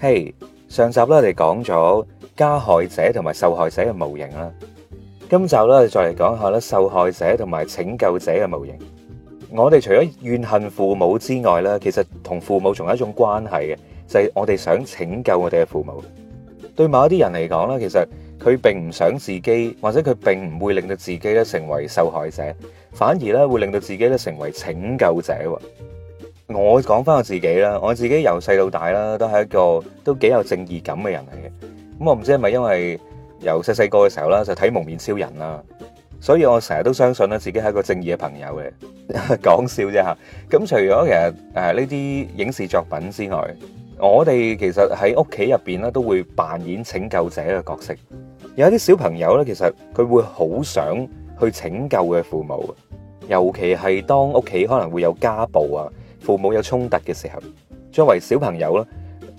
嘿，hey, 上集咧我哋講咗加害者同埋受害者嘅模型啦，今集咧就再嚟講下受害者同埋拯救者嘅模型。我哋除咗怨恨父母之外咧，其實同父母仲有一種關係嘅，就係、是、我哋想拯救我哋嘅父母。對某一啲人嚟講咧，其實佢並唔想自己，或者佢並唔會令到自己咧成為受害者，反而咧會令到自己咧成為拯救者。我講翻我自己啦，我自己由細到大啦，都係一個都幾有正義感嘅人嚟嘅。咁我唔知係咪因為由細細個嘅時候啦，就睇《蒙面超人》啦，所以我成日都相信咧自己係一個正義嘅朋友嘅。講笑啫吓。咁除咗其實誒呢啲影視作品之外，我哋其實喺屋企入邊咧都會扮演拯救者嘅角色。有啲小朋友咧，其實佢會好想去拯救嘅父母，尤其係當屋企可能會有家暴啊。父母有衝突嘅時候，作為小朋友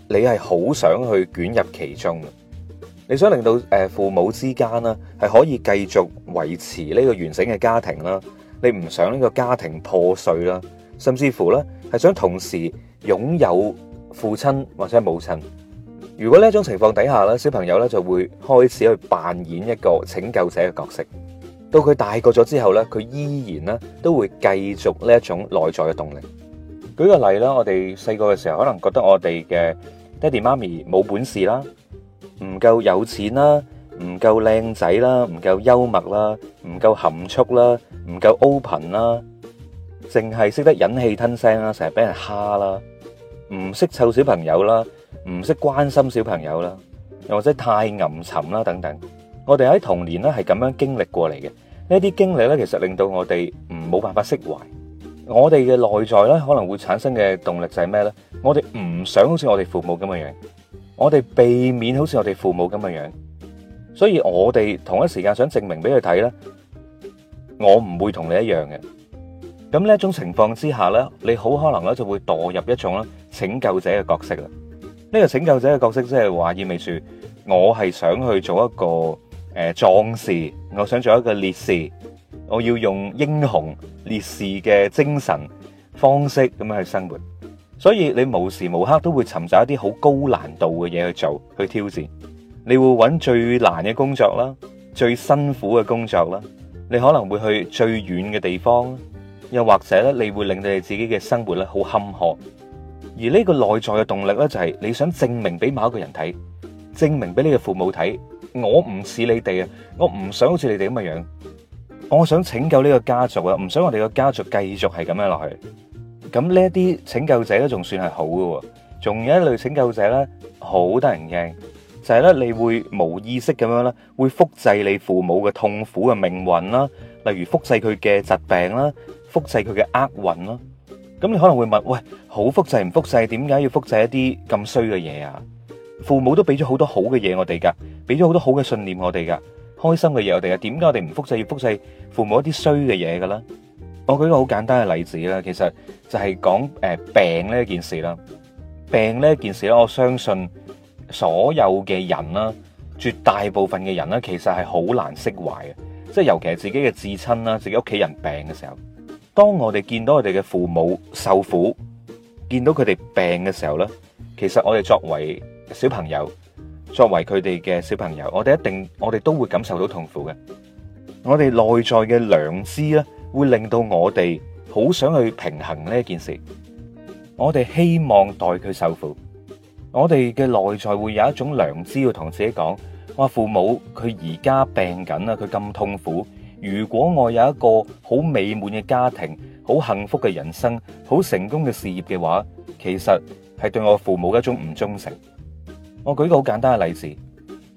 咧，你係好想去捲入其中嘅。你想令到誒父母之間啦，係可以繼續維持呢個完整嘅家庭啦。你唔想呢個家庭破碎啦，甚至乎呢係想同時擁有父親或者母親。如果呢種情況底下呢，小朋友呢就會開始去扮演一個拯救者嘅角色。到佢大個咗之後呢，佢依然呢都會繼續呢一種內在嘅動力。舉個例啦，我哋細個嘅時候，可能覺得我哋嘅爹哋媽咪冇本事啦，唔夠有錢啦，唔夠靚仔啦，唔夠幽默啦，唔夠含蓄啦，唔夠 open 啦，淨係識得忍氣吞聲啦，成日俾人蝦啦，唔識湊小朋友啦，唔識關心小朋友啦，又或者太陰沉啦等等，我哋喺童年咧係咁樣經歷過嚟嘅。呢啲經歷咧其實令到我哋唔冇辦法釋懷。我哋嘅內在咧，可能會產生嘅動力就係咩咧？我哋唔想好似我哋父母咁嘅樣，我哋避免好似我哋父母咁嘅樣，所以我哋同一時間想證明俾佢睇咧，我唔會同你一樣嘅。咁呢一種情況之下咧，你好可能咧就會墮入一種咧拯救者嘅角色啦。呢個拯救者嘅角色即係話意味住我係想去做一個誒壯士，我想做一個烈士。我要用英雄烈士嘅精神方式咁樣去生活，所以你無時無刻都會尋找一啲好高難度嘅嘢去做，去挑戰。你會揾最難嘅工作啦，最辛苦嘅工作啦。你可能會去最遠嘅地方，又或者咧，你會令到你自己嘅生活咧好坎坷。而呢個內在嘅動力咧，就係你想證明俾某一個人睇，證明俾你嘅父母睇，我唔似你哋啊，我唔想好似你哋咁嘅樣。我想拯救呢個家族啊，唔想我哋個家族繼續係咁樣落去。咁呢一啲拯救者咧，仲算係好噶，仲有一類拯救者咧，好得人驚，就係咧，你會無意識咁樣咧，會複製你父母嘅痛苦嘅命運啦，例如複製佢嘅疾病啦，複製佢嘅厄運啦。咁你可能會問，喂，好複製唔複製？點解要複製一啲咁衰嘅嘢啊？父母都俾咗好多好嘅嘢我哋噶，俾咗好多好嘅信念我哋噶。開心嘅嘢，我哋啊，點解我哋唔複製，要複製父母一啲衰嘅嘢㗎啦？我舉一個好簡單嘅例子啦，其實就係講誒病呢一件事啦，病呢一件事咧，我相信所有嘅人啦，絕大部分嘅人咧，其實係好難釋懷嘅，即係尤其係自己嘅至親啦，自己屋企人病嘅時候，當我哋見到我哋嘅父母受苦，見到佢哋病嘅時候咧，其實我哋作為小朋友。作為佢哋嘅小朋友，我哋一定我哋都會感受到痛苦嘅。我哋內在嘅良知呢，會令到我哋好想去平衡呢一件事。我哋希望代佢受苦。我哋嘅內在會有一種良知，要同自己講：我父母佢而家病緊啦，佢咁痛苦。如果我有一個好美滿嘅家庭、好幸福嘅人生、好成功嘅事業嘅話，其實係對我父母一種唔忠誠。我舉個好簡單嘅例子，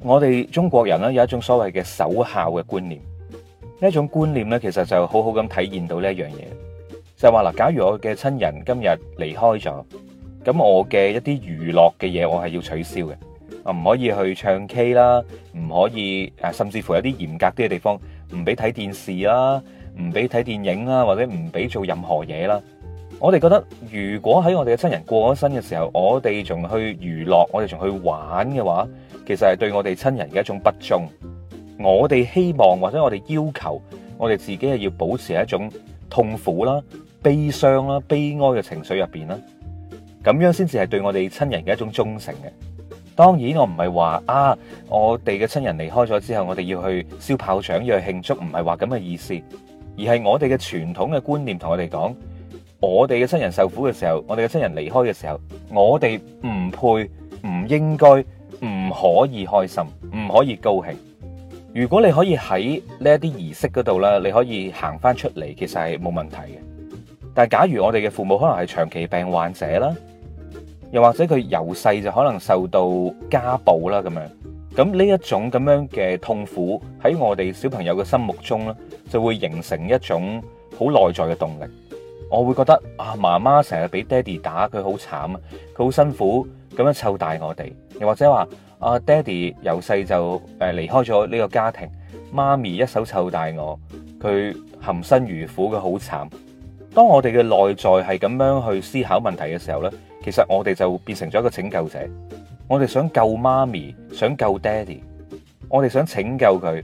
我哋中國人咧有一種所謂嘅守孝嘅觀念，呢一種觀念咧其實就好好咁體現到呢一樣嘢，就係話嗱，假如我嘅親人今日離開咗，咁我嘅一啲娛樂嘅嘢我係要取消嘅，唔可以去唱 K 啦，唔可以誒，甚至乎有啲嚴格啲嘅地方唔俾睇電視啦，唔俾睇電影啦，或者唔俾做任何嘢啦。我哋覺得，如果喺我哋嘅親人過咗身嘅時候，我哋仲去娛樂，我哋仲去玩嘅話，其實係對我哋親人嘅一種不忠。我哋希望或者我哋要求我哋自己係要保持喺一種痛苦啦、悲傷啦、悲哀嘅情緒入邊啦，咁樣先至係對我哋親人嘅一種忠誠嘅。當然我，我唔係話啊，我哋嘅親人離開咗之後，我哋要去燒炮仗，要去慶祝，唔係話咁嘅意思，而係我哋嘅傳統嘅觀念同我哋講。我哋嘅親人受苦嘅時候，我哋嘅親人離開嘅時候，我哋唔配、唔應該、唔可以開心、唔可以高興。如果你可以喺呢一啲儀式嗰度啦，你可以行翻出嚟，其實係冇問題嘅。但係假如我哋嘅父母可能係長期病患者啦，又或者佢由細就可能受到家暴啦咁樣，咁呢一種咁樣嘅痛苦喺我哋小朋友嘅心目中咧，就會形成一種好內在嘅動力。我會覺得啊，媽媽成日俾爹哋打，佢好慘，佢好辛苦咁樣湊大我哋，又或者話啊，爹哋由細就誒離開咗呢個家庭，媽咪一手湊大我，佢含辛茹苦，佢好慘。當我哋嘅內在係咁樣去思考問題嘅時候呢，其實我哋就變成咗一個拯救者，我哋想救媽咪，想救爹哋，我哋想拯救佢，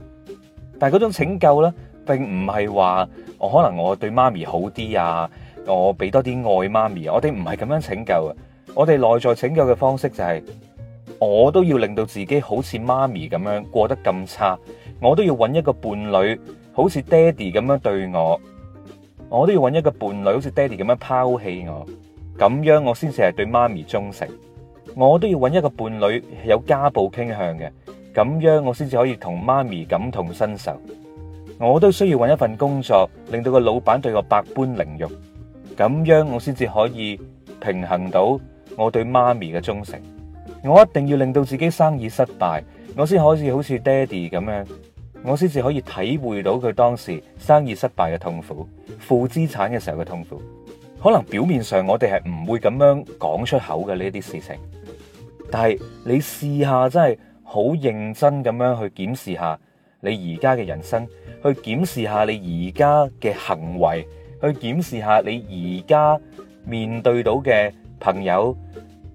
但係嗰種拯救呢？並唔係話我可能我對媽咪好啲啊，我俾多啲愛媽咪。我哋唔係咁樣拯救啊，我哋內在拯救嘅方式就係我都要令到自己好似媽咪咁樣過得咁差，我都要揾一個伴侶好似爹哋咁樣對我，我都要揾一個伴侶好似爹哋咁樣拋棄我，咁樣我先至係對媽咪忠誠。我都要揾一個伴侶有家暴傾向嘅，咁樣我先至可以同媽咪感同身受。我都需要揾一份工作，令到個老闆對我百般凌辱，咁樣我先至可以平衡到我對媽咪嘅忠誠。我一定要令到自己生意失敗，我先可以好似爹哋咁樣，我先至可以體會到佢當時生意失敗嘅痛苦、負資產嘅時候嘅痛苦。可能表面上我哋係唔會咁樣講出口嘅呢啲事情，但係你試下真係好認真咁樣去檢視下。你而家嘅人生，去檢視下你而家嘅行為，去檢視下你而家面對到嘅朋友、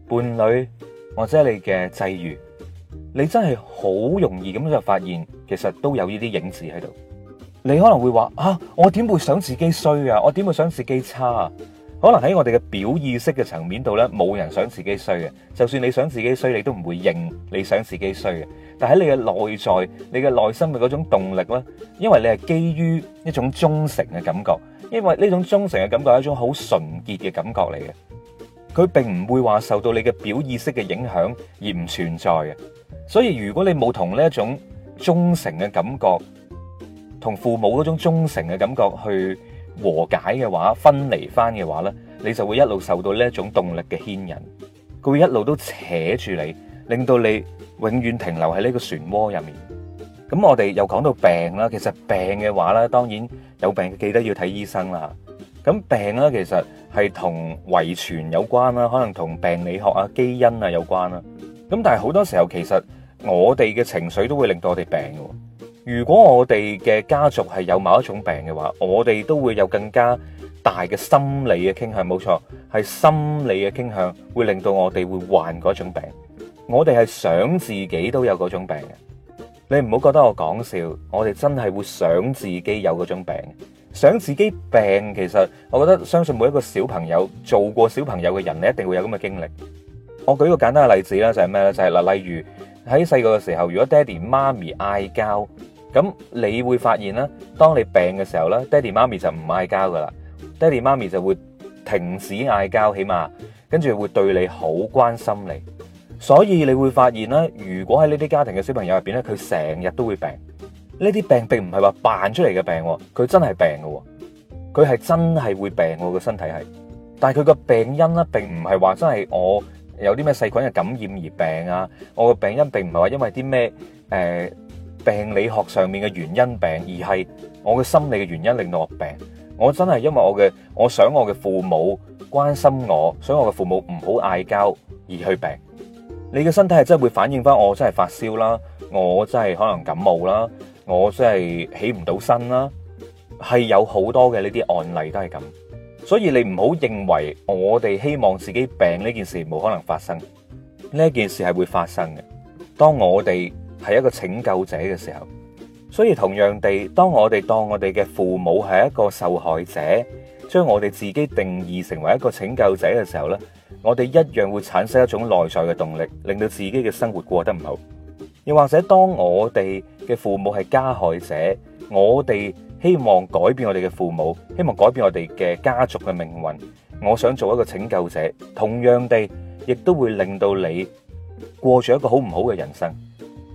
伴侶或者你嘅際遇，你真係好容易咁就發現，其實都有呢啲影子喺度。你可能會話啊，我點會想自己衰啊，我點會想自己差啊？可能喺我哋嘅表意識嘅層面度咧，冇人想自己衰嘅。就算你想自己衰，你都唔會認你想自己衰嘅。但喺你嘅內在、你嘅內心嘅嗰種動力咧，因為你係基於一種忠誠嘅感覺，因為呢種忠誠嘅感覺係一種好純潔嘅感覺嚟嘅。佢並唔會話受到你嘅表意識嘅影響而唔存在嘅。所以如果你冇同呢一種忠誠嘅感覺，同父母嗰種忠誠嘅感覺去和解嘅話，分離翻嘅話呢，你就會一路受到呢一種動力嘅牽引，佢會一路都扯住你，令到你永遠停留喺呢個漩渦入面。咁我哋又講到病啦，其實病嘅話呢，當然有病記得要睇醫生啦。咁病呢，其實係同遺傳有關啦，可能同病理學啊、基因啊有關啦。咁但係好多時候，其實我哋嘅情緒都會令到我哋病嘅。如果我哋嘅家族係有某一種病嘅話，我哋都會有更加大嘅心理嘅傾向，冇錯，係心理嘅傾向會令到我哋會患嗰種病。我哋係想自己都有嗰種病嘅，你唔好覺得我講笑，我哋真係會想自己有嗰種病，想自己病。其實我覺得，相信每一個小朋友做過小朋友嘅人，你一定會有咁嘅經歷。我舉個簡單嘅例子啦，就係咩呢？就係，例如喺細個嘅時候，如果爹哋媽咪嗌交。咁你會發現咧，當你病嘅時候咧，爹哋媽咪就唔嗌交噶啦，爹哋媽咪就會停止嗌交，起碼跟住會對你好關心你。所以你會發現咧，如果喺呢啲家庭嘅小朋友入邊咧，佢成日都會病。呢啲病並唔係話扮出嚟嘅病，佢真係病噶，佢係真係會病，個身體係。但係佢個病因咧，並唔係話真係我有啲咩細菌嘅感染而病啊，我個病因並唔係話因為啲咩誒。病理學上面嘅原因病，而係我嘅心理嘅原因令到我病。我真係因為我嘅我想我嘅父母關心我，想我嘅父母唔好嗌交而去病。你嘅身體係真係會反映翻，我真係發燒啦，我真係可能感冒啦，我真係起唔到身啦，係有好多嘅呢啲案例都係咁。所以你唔好認為我哋希望自己病呢件事冇可能發生，呢件事係會發生嘅。當我哋係一個拯救者嘅時候，所以同樣地，當我哋當我哋嘅父母係一個受害者，將我哋自己定義成為一個拯救者嘅時候呢，我哋一樣會產生一種內在嘅動力，令到自己嘅生活過得唔好。又或者，當我哋嘅父母係加害者，我哋希望改變我哋嘅父母，希望改變我哋嘅家族嘅命運，我想做一個拯救者，同樣地，亦都會令到你過住一個好唔好嘅人生。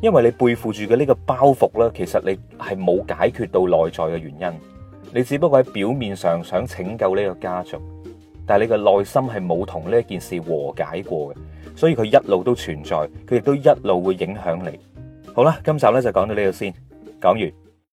因為你背負住嘅呢個包袱呢，其實你係冇解決到內在嘅原因，你只不過喺表面上想拯救呢個家族，但係你嘅內心係冇同呢件事和解過嘅，所以佢一路都存在，佢亦都一路會影響你。好啦，今集呢就講到呢度先，講完。